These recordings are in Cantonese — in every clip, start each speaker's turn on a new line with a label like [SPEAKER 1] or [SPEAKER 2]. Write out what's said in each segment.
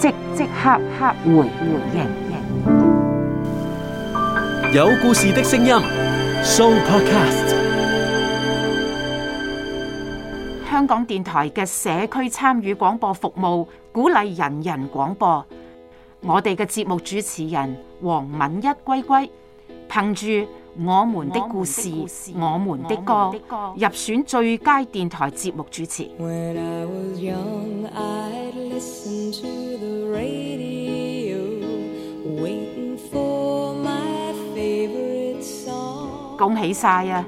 [SPEAKER 1] 即即刻刻，刻回回人人，
[SPEAKER 2] 有故事的聲音，Show Podcast
[SPEAKER 1] 香港電台嘅社區參與廣播服務，鼓勵人人廣播。我哋嘅節目主持人黃敏一歸歸，憑住。我們的故事，我們的歌，入選最佳電台節目主持。恭喜晒呀！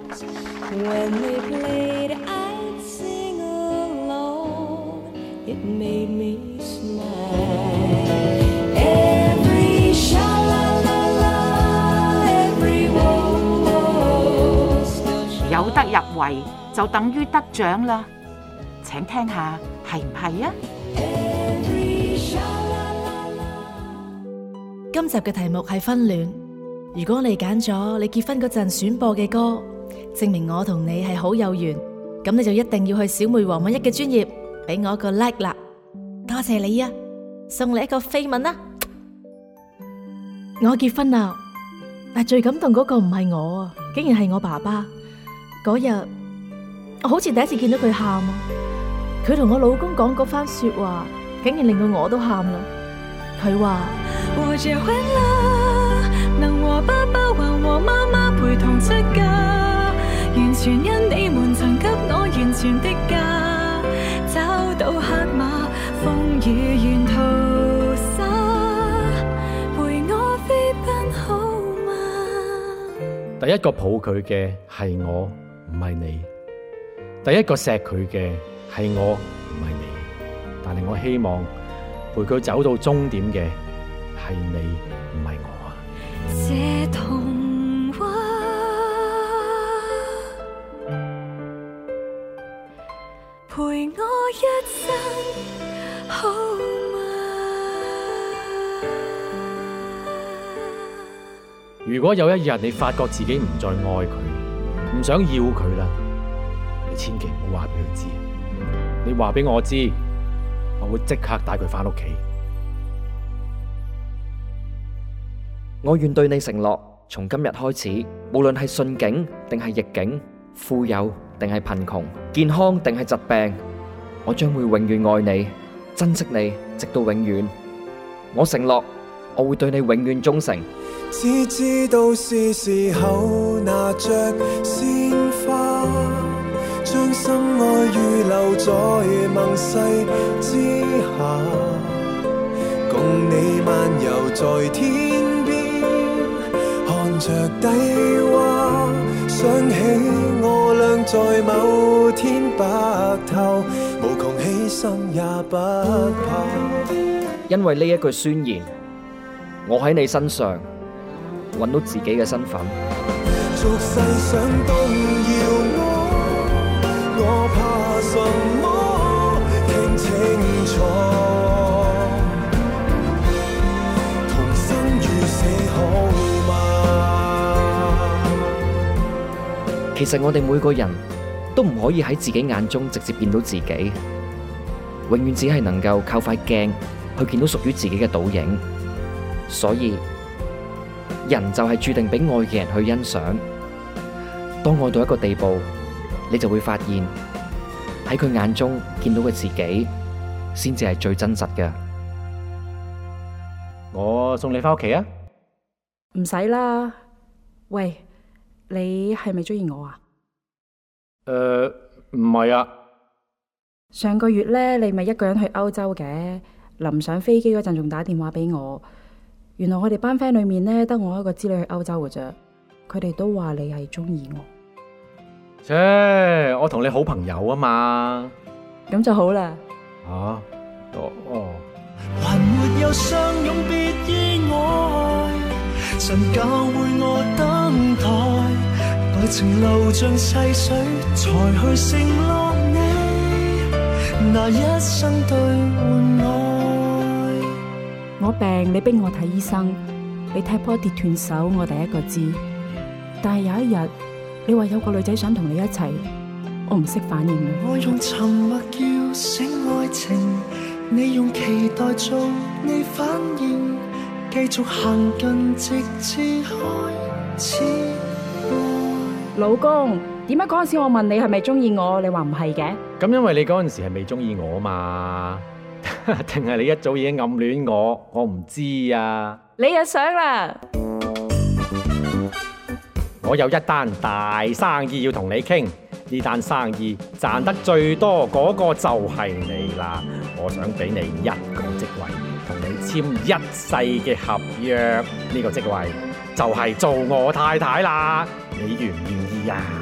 [SPEAKER 1] 入圍就等於得獎啦，請聽下係唔係啊？
[SPEAKER 3] 今集嘅題目係婚戀，如果你揀咗你結婚嗰陣選播嘅歌，證明我同你係好有緣，咁你就一定要去小妹黃敏一嘅專業，俾我一個 like 啦，多謝你啊，送你一個飛吻啦！我結婚啦，但最感動嗰個唔係我啊，竟然係我爸爸。嗰日，我好似第一次見到佢喊，佢同我老公講嗰番說話，竟然令到我都喊啦。佢話，
[SPEAKER 4] 能和爸爸還和媽媽陪同出嫁，完全因你們曾給我完全的家，找到黑馬，風雨沿途灑，陪我飛奔好嗎？
[SPEAKER 2] 第一個抱佢嘅係我。唔係你，第一個錫佢嘅係我，唔係你。但係我希望陪佢走到終點嘅係你，唔係我啊。
[SPEAKER 4] 這童話陪我一生好嗎？
[SPEAKER 2] 如果有一日你發覺自己唔再愛佢。唔想要佢啦，你千祈唔好話俾佢知，你話俾我知，我會即刻帶佢翻屋企。我願對你承諾，從今日開始，無論係順境定係逆境，富有定係貧窮，健康定係疾病，我將會永遠愛你，珍惜你，直到永遠。我承諾。我會對你永遠忠誠。
[SPEAKER 1] 只知道是時候拿着鮮花，將心愛預
[SPEAKER 3] 留在盟誓之下，共
[SPEAKER 1] 你漫遊在天邊，看着低洼，想起我倆在某天白頭，無窮犧牲也不怕。
[SPEAKER 2] 因為呢一句宣言。我喺你身上搵到自己嘅身份。
[SPEAKER 4] 俗世上動搖我。我怕什麼？聽清楚，同生與死好嗎？
[SPEAKER 2] 其實我哋每個人都唔可以喺自己眼中直接見到自己，永遠只係能夠靠塊鏡去見到屬於自己嘅倒影。所以人就係注定俾愛嘅人去欣賞。當愛到一個地步，你就會發現喺佢眼中見到嘅自己，先至係最真實嘅。我送你翻屋企啊？
[SPEAKER 3] 唔使啦。喂，你係咪中意我啊？
[SPEAKER 2] 誒、呃，唔係啊。
[SPEAKER 3] 上個月咧，你咪一個人去歐洲嘅，臨上飛機嗰陣仲打電話俾我。原來我哋班 friend 裏面呢，得我一個知女去歐洲嘅啫，佢哋都話你係中意我。
[SPEAKER 2] 切，我同你好朋友啊嘛，咁就好啦。啊，哦。還沒有
[SPEAKER 3] 相擁別意外，神教會我等待，愛情流盡逝水才去承諾你，那一生對伴我。我病，你逼我睇醫生。你踢波跌斷手，我第一個知。但係有一日，你話有個女仔想同你一齊，我唔識反應。我用沉默叫醒愛情，你用期待做你反應，繼續行近直至開始。老公，點解嗰陣時我問你係咪中意我，你話唔係嘅？
[SPEAKER 2] 咁因為你嗰陣時係未中意我嘛。定係你一早已經暗戀我，我唔知啊！
[SPEAKER 3] 你又想啦？
[SPEAKER 2] 我有一單大生意要同你傾，呢單生意賺得最多嗰個就係你啦。我想俾你一個職位，同你簽一世嘅合約。呢個職位就係做我太太啦。你願唔願意啊？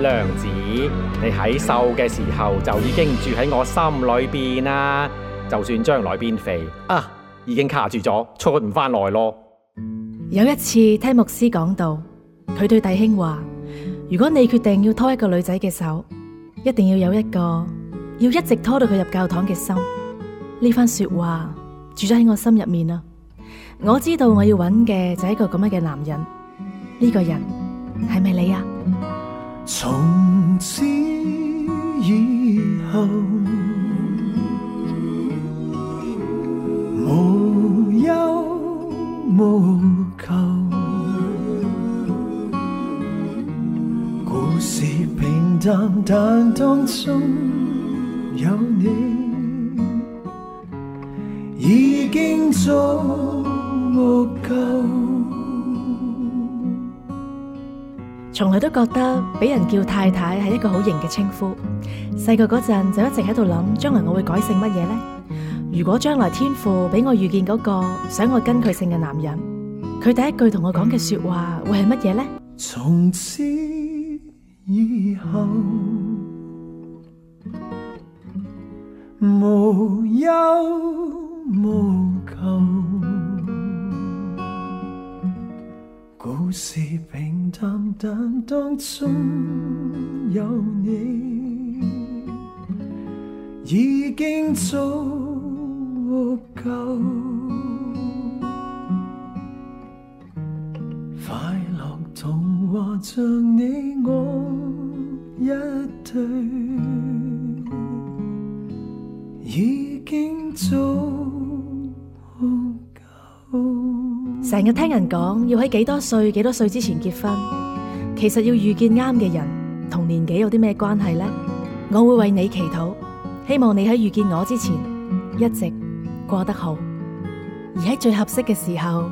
[SPEAKER 2] 娘子，你喺瘦嘅時候就已經住喺我心裏邊啦。就算將來變肥啊，已經卡住咗，出唔翻來咯。
[SPEAKER 3] 有一次聽牧師講到，佢對弟兄話：如果你決定要拖一個女仔嘅手，一定要有一個要一直拖到佢入教堂嘅心。呢番說話住咗喺我心入面啊！我知道我要揾嘅就係一個咁樣嘅男人。呢、這個人係咪你啊？
[SPEAKER 2] 從
[SPEAKER 4] 此以後，無憂無求。
[SPEAKER 3] 故事平淡，淡，但當中有你，已經足夠。從來都覺得俾人叫太太係一個好型嘅稱呼，細個嗰陣就一直喺度諗，將來我會改姓乜嘢呢？如果將來天父俾我遇見嗰個想我跟佢姓嘅男人，佢第一句同我講嘅說話會係乜嘢呢？從此以後，無憂無。故事平淡，淡，但當中有你，已經足夠。 快樂童話像你我一對。成日聽人講要喺幾多歲幾多歲之前結婚，其實要遇見啱嘅人，同年紀有啲咩關係呢？我會為你祈禱，希望你喺遇見我之前一直過得好，而喺最合適嘅時候，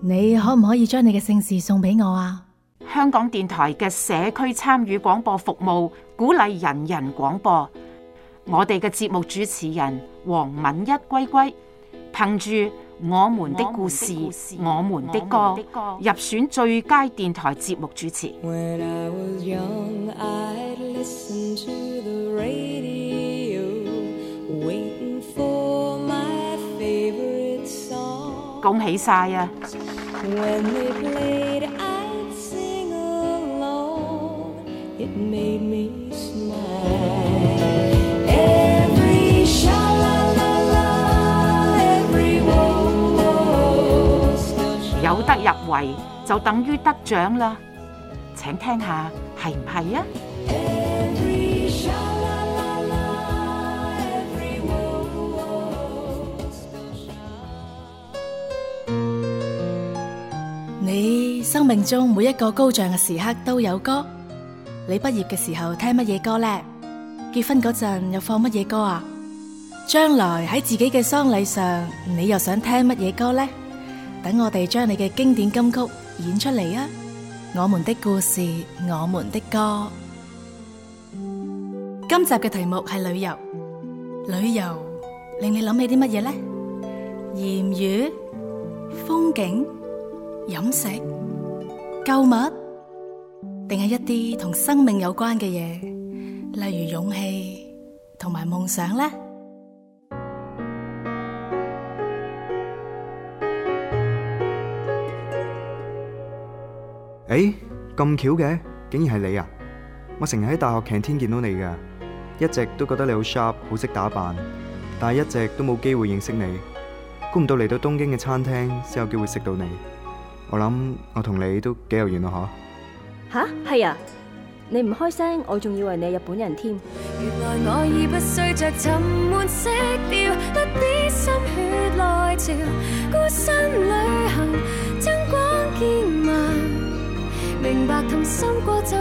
[SPEAKER 3] 你可唔可以將你嘅姓氏送俾我啊？
[SPEAKER 1] 香港電台嘅社區參與廣播服務，鼓勵人人廣播。我哋嘅節目主持人黃敏一歸歸，憑住。我們的故事，我們的歌入選最佳電台節目主持。
[SPEAKER 3] 恭喜晒！
[SPEAKER 1] 入圍就等於得獎啦，請聽下係
[SPEAKER 4] 唔係啊？
[SPEAKER 3] 你生命中每一個高漲嘅時刻都有歌。你畢業嘅時候聽乜嘢歌呢？結婚嗰陣又放乜嘢歌啊？將來喺自己嘅喪禮上，你又想聽乜嘢歌呢？等我哋將你嘅經典金曲演出嚟啊！我們的故事，我們的歌。今集嘅題目係旅遊，旅遊令你諗起啲乜嘢咧？言語、風景、飲食、購物，定係一啲同生命有關嘅嘢，例如勇氣同埋夢想咧？
[SPEAKER 2] 咁巧嘅，竟然係你啊！我成日喺大學
[SPEAKER 3] canteen 見到你㗎，一直都覺得你好 sharp，好識打扮，但係一直都冇機會認識你，估唔到嚟到東京嘅餐廳先有機會識到你。我諗我同你都幾有緣啊，吓？吓係啊！你唔開聲，我仲以為你係日本人
[SPEAKER 4] 添。明白心就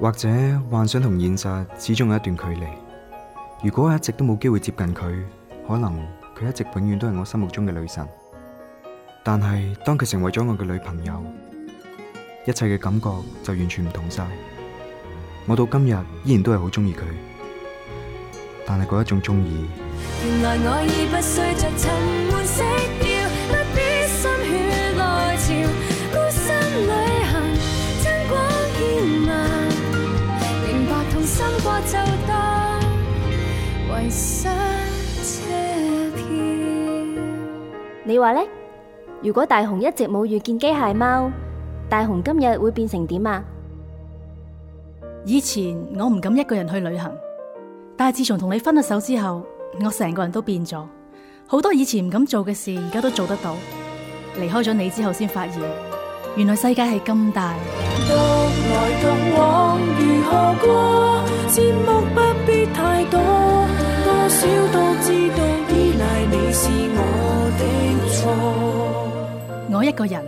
[SPEAKER 3] 或者，幻想同現實始終有一段距離。如果我一直都冇機會接近佢，可能佢一直永遠都係我心目中嘅女神。但係當佢成為咗我嘅女朋友，一切嘅感覺就完全唔同晒。我到今日依然都係好中意佢，但係嗰一種中意。
[SPEAKER 4] 原來我已不需
[SPEAKER 3] 你話呢，如果大雄一直冇遇見機械貓，大雄今日會變成點啊？以前我唔敢一個人去旅行，但係自從同你分咗手之後，我成個人都變咗，好多以前唔敢做嘅事，而家都做得到。離開咗你之後，先發現原來世界係咁大。
[SPEAKER 4] 獨來獨往如何過？節目不必太多，多少都知道依賴你
[SPEAKER 3] 是我的。我一個人，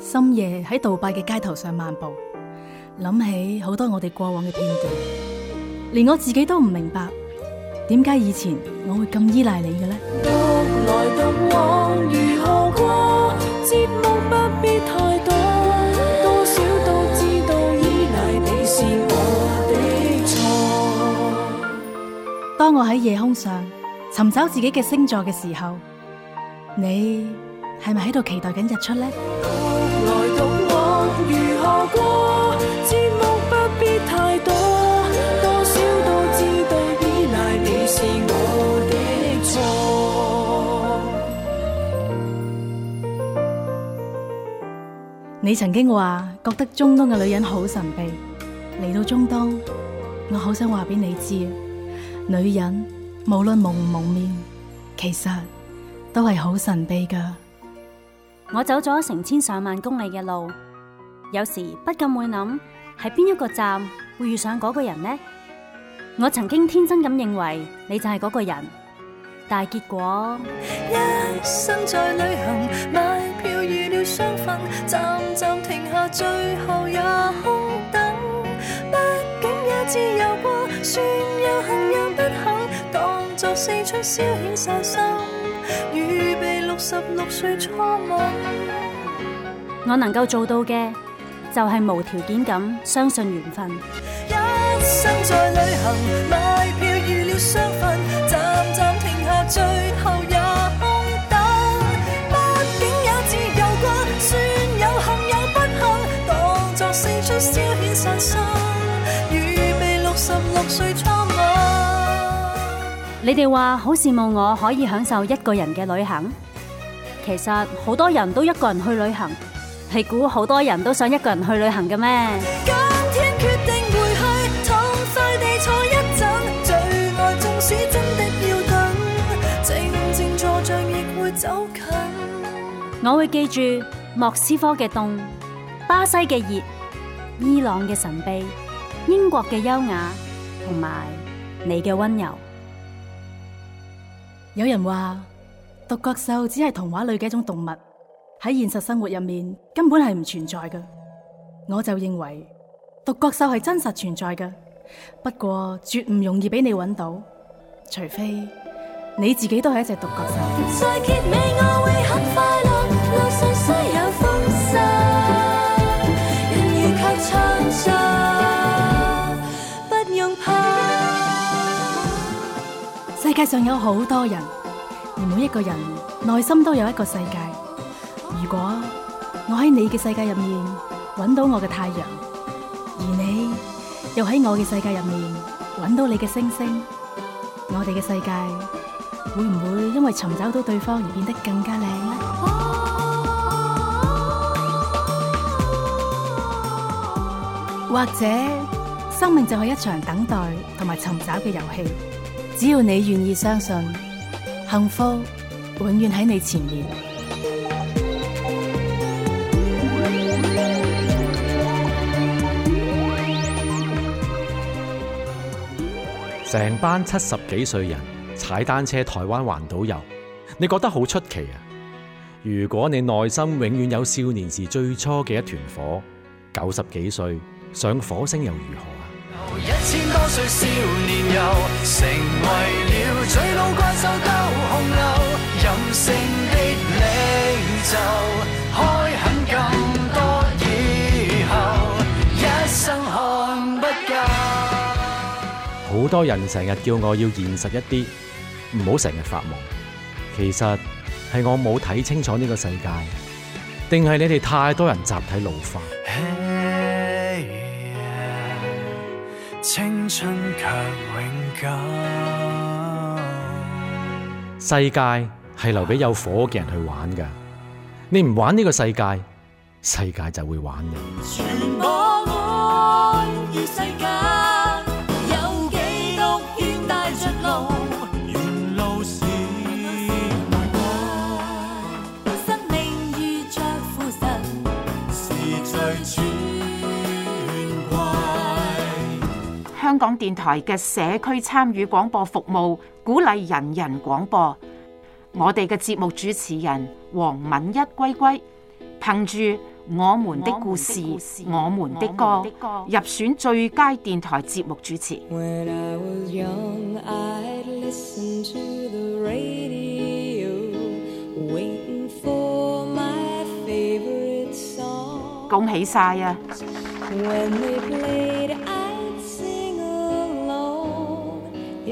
[SPEAKER 3] 深夜喺杜拜嘅街頭上漫步，諗起好多我哋過往嘅片段，連我自己都唔明白，點解以前我會咁依賴你嘅呢。獨來獨往如何過？節目不必太多，多少都知道，依賴你是我的錯。當我喺夜空上尋找自己嘅星座嘅時候，你。係咪喺度期待緊日出
[SPEAKER 4] 呢？
[SPEAKER 3] 你曾經話覺得中東嘅女人好神秘，嚟到中東，我好想話俾你知，女人無論蒙唔蒙面，其實都係好神秘噶。
[SPEAKER 4] 我走咗成千上萬公里嘅路，有時不禁會諗，喺邊一個站會遇上嗰個人呢？我曾經天真咁認為你就係嗰個人，但係結果一生在旅行，買票預了雙份，站站停下，最後也空等。畢竟也自由過，
[SPEAKER 3] 算有幸又不肯，當作四出消遣，受心預備六十六歲初
[SPEAKER 4] 吻，我能夠做到嘅，就係、是、無條件咁相信緣分。一
[SPEAKER 3] 生在旅行，買票預了雙份，站站停下，最後也空等。畢竟也自由過，算有幸有不幸，當作四出消遣散心，預備六十六歲初吻。
[SPEAKER 4] 你哋話好羨慕我可以享受一個人嘅旅行？其實好多人都一個人去旅行，係估好多人都想一個人去旅行嘅咩？我會記住莫斯科嘅凍、巴西嘅熱、伊朗嘅神秘、英國嘅優雅，同埋你嘅温柔。有人話。
[SPEAKER 3] 獨角獸只係童話裏嘅一種動物，喺現實生活入面根本係唔存在㗎。我就認為獨角獸係真實存在㗎，不過絕唔容易俾你揾到，除非你自己都係一隻獨角
[SPEAKER 4] 獸。人很快樂有風不用怕，
[SPEAKER 3] 世界上有好多人。每一個人內心都有一個世界。如果我喺你嘅世界入面揾到我嘅太陽，而你又喺我嘅世界入面揾到你嘅星星，我哋嘅世界會唔會因為尋找到對方而變得更加靚呢？或者生命就係一場等待同埋尋找嘅遊戲，只要你願意相信。幸福永遠喺你前面。
[SPEAKER 2] 成班七十幾歲人踩單車台灣環島遊，你覺得好出奇啊？如果你內心永遠有少年時最初嘅一團火，九十幾歲上火星又如何？
[SPEAKER 4] 一千多歲少年，又成為了最老怪獸，都洪流
[SPEAKER 2] 任性的領袖，開肯更多以
[SPEAKER 4] 後一生看不夠。
[SPEAKER 2] 好多人成日叫我要現實一啲，唔好成日發夢。其實係我冇睇清楚呢個世界定係你哋太多人集體老化？青春卻永久世界係留俾有火嘅人去玩㗎，你唔玩呢個世界，世界就會玩你。
[SPEAKER 1] 香港電台嘅社區參與廣播服務，鼓勵人人廣播。我哋嘅節目主持人黃敏一歸歸，憑住我們的故事、我們的歌入選最佳電台節目主持。恭喜晒
[SPEAKER 4] 啊！